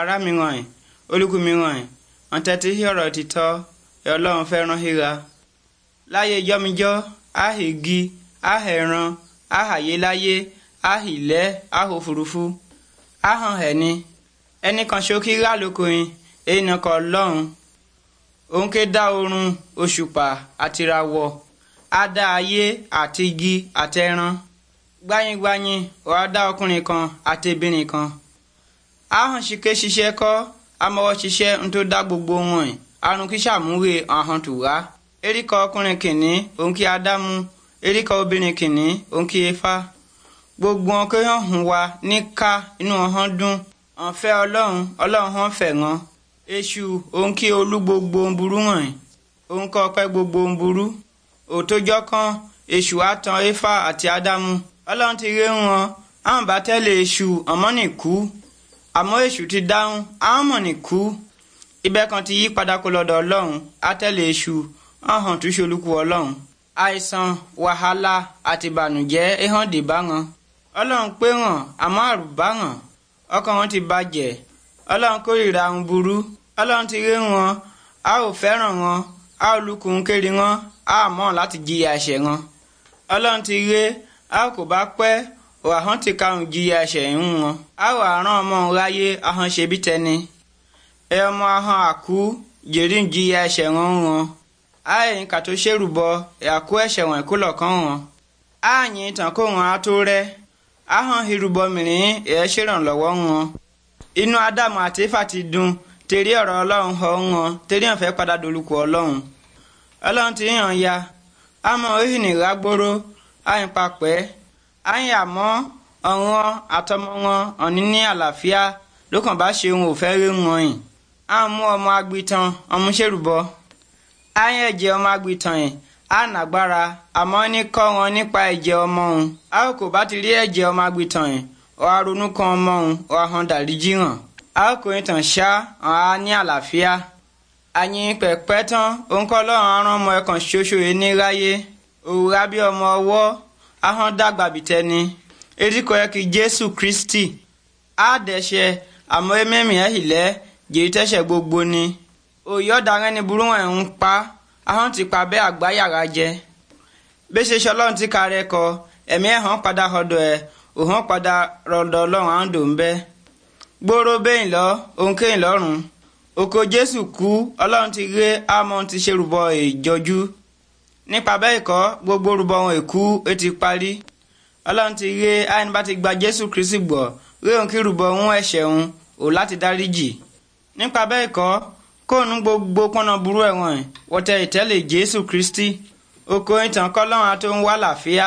Ara mi ràn ẹ́ olúkú mi ràn ẹ́ ọ̀tẹ̀tí ọ̀rọ̀ òtítọ́ ẹ̀ ọlọ́run fẹ́ràn híra. láyé jọ́mijọ́ àhìgì àhẹ̀ràn àhàyéláyé àhìlẹ́ àhòfurufú àhàn ẹ̀ni ẹnì kan ṣókí rálókòrin èèyàn kan ọlọ́run òun ké dá oorun òṣùpá àtìràwọ̀ á dá ayé àti igi àtẹran gbáyingbayin ọ̀rá dá ọkùnrin kan àti obìnrin kan ahọ́n ṣìkẹ́ ṣiṣẹ́ kọ́ amọ́wọ́ ṣiṣẹ́ ń tó dá gbogbo wọn ẹ̀ arun kí ṣàmúwé ahọ́n tù wá. eríkọ ọkùnrin kìnní òun kí ádámù eríkọ obìnrin kìnní òun kí efá. gbogbo wọn kí wọ́n hùn wá ní ká inú ọ̀hán dùn ọ̀fẹ́ ọlọ́run ọlọ́run hàn fẹ̀ wọn. èṣù òun kí olú gbogbo ń burú wọn ẹ̀ òun kọ́ ọpẹ́ gbogbo ń burú. òtójọ́ kan èṣù àtàn efá àti ádámù ọlọ́run ti ré wọn àwọn bá tẹ́lẹ̀ èṣù ọ̀mọ́nì kú àmọ́ èṣù ti dáhùn àwọn mọ̀ nìkú ibẹ̀ kan ti yí padà kó lọ́dọ̀ ọlọ́run átẹ̀lé èṣù ọ̀hún tún ṣolúkú ọlọ́run àìsàn wàhálà àti ìbànújẹ́ ehàn dì bá wọn ọlọ́run pé wọn àmọ́ àrùn bá wọn ọkàn wọn ti bàjẹ́ ọlọ́run kórìíra ń burú ọlọ́run ti rí wọn a ò fẹ́ràn wọn a ò lukùn kiri wọn a mọ̀ láti jìyà ẹ̀ṣẹ̀ wọn ọlọ́run ti rí a kò bá pẹ́ wàhán ti karùn jìyà ṣẹ̀yìn wọn. àwọ̀ àrán ọmọ ráyé ahọ́n ṣe bí tẹni. ẹ ọmọ ahọ́n àkú jèrè ń jìyà ṣẹ̀wọ̀n wọn. àyìn kàtó ṣèrùbọ ẹ̀kú ẹ̀ṣẹ̀wọ̀n ẹ̀kú lọ̀kan wọn. àyìn tàn kó wọn á tó rẹ́. ahọ́n ìrùbọ mìíràn ẹ̀ ṣèrànlọ́wọ́ wọn. inú ádámù àti éfà ti dùn tèrè ọ̀rọ̀ ọlọ́run họ wọn tèrè ọ̀fẹ́ padà dolùkù ọlọ́run. ọlọ́run ti yàn ya. àmọ́ òhìnì rágbóró àyìn àyìn àmọ́ ọ̀wọ́n àtọmọ wọn ọ̀ní ní àlàáfíà ló kàn bá ṣe òun ò fẹ́ rí wọn yìí a ń mú ọmọ agbitan ọmọ ṣèrùbọ àyìn ẹ̀jẹ̀ ọmọ agbitan yìí á nàgbára àmọ́ ní kọ́ wọn nípa ẹ̀jẹ̀ ọmọ òun a kò bá ti rí ẹ̀jẹ̀ ọmọ agbitan yìí ọ̀hà ronú kan ọmọ òun ọ̀hà hàn dàríjì hàn a kò ní tàn ṣá ọ̀hà ní àlàáfíà àyìn pẹ̀pẹ́ tán òun kọ́ lọ́rùn arán ọmọ ẹ̀kan ṣoṣo yìí ní ráyé òwúrà bí ọmọ ọwọ́ ahọ́n dàgbà bìtẹ́ni kristi á dẹ̀ṣẹ̀ àmọ́ ememi ẹ̀ hìlẹ́ jèrè tẹ́ṣẹ̀ gbogbo ni òye ọ̀daràn ni burú wọn ń pa ahọ́n ti pa bẹ́ẹ̀ àgbáyàrá jẹ bẹ́ẹ̀ ṣe ṣọlọ́run ti kárẹ́ kọ ẹ̀mí ẹ̀ hàn padà ọ̀dọ̀ ẹ̀ òhàn padà rọ̀dọ̀ ọlọ́run à ń dò ń bẹ́ gbóró bẹ́yìn lọ òun kéyìn lọ́rùn òkò jésù kú ọlọ́run ti ré àmọ́ ti E nípa bẹ́ẹ̀ kọ́ gbogbo rúbọ ohun èkú ó ti parí ọlọ́run ti ré àyìn bá ti gba jésù kristi gbọ́ ré òun kí rúbọ ohun ẹ̀ṣẹ̀ òun ò láti dáríjì nípa bẹ́ẹ̀ kọ́ kóònù gbogbo pọ́nà burú ẹ̀wọ̀n wọ́tẹ̀ ìtẹ́lẹ̀ jésù kristi okòó ìtàn kọ́lọ́run àti òun wà láfíà.